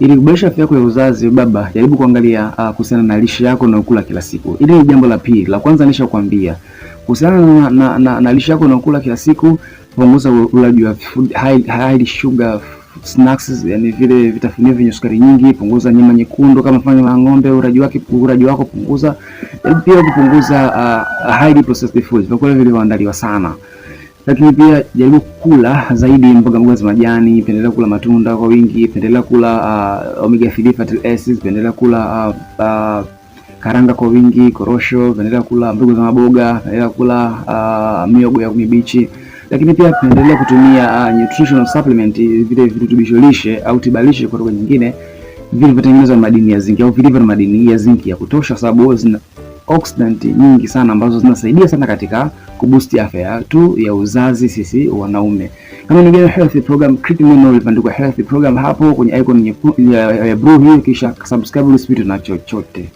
Ili kuboresha afya yako ya uzazi, baba, jaribu kuangalia uh, kuhusiana na lishe yako unayokula kila siku. Ili ni jambo la pili. La kwanza nishakwambia kuhusiana na, na, na, na lishe yako unayokula kila siku, punguza ulaji wa high, high sugar snacks, yani vile vitafunio vyenye sukari nyingi. Punguza nyama nyekundu kama fanya na ng'ombe, uraji wake, uraji wako punguza. pia kupunguza uh, ah, high processed foods, vyakula vilivyoandaliwa sana lakini pia jaribu kula zaidi mboga mboga za majani, pendelea kula matunda kwa wingi, pendelea kula uh, omega 3 fatty acids, pendelea kula uh, uh, karanga kwa wingi, korosho, pendelea kula mbegu za maboga, pendelea kula uh, miogo ya mibichi, lakini pia pendelea kutumia uh, nutritional supplement, vile virutubisho lishe au tibalishe kwa lugha nyingine, vilivyotengenezwa na madini ya zinki au vilivyo na madini ya zinki ya kutosha, sababu zina antioxidant nyingi sana ambazo zinasaidia sana katika kubusti afya tu ya uzazi sisi wanaume. Kama nyingine health program click neno lipandikwa health program hapo kwenye icon ya blue hiyo, kisha subscribe, usipite na chochote.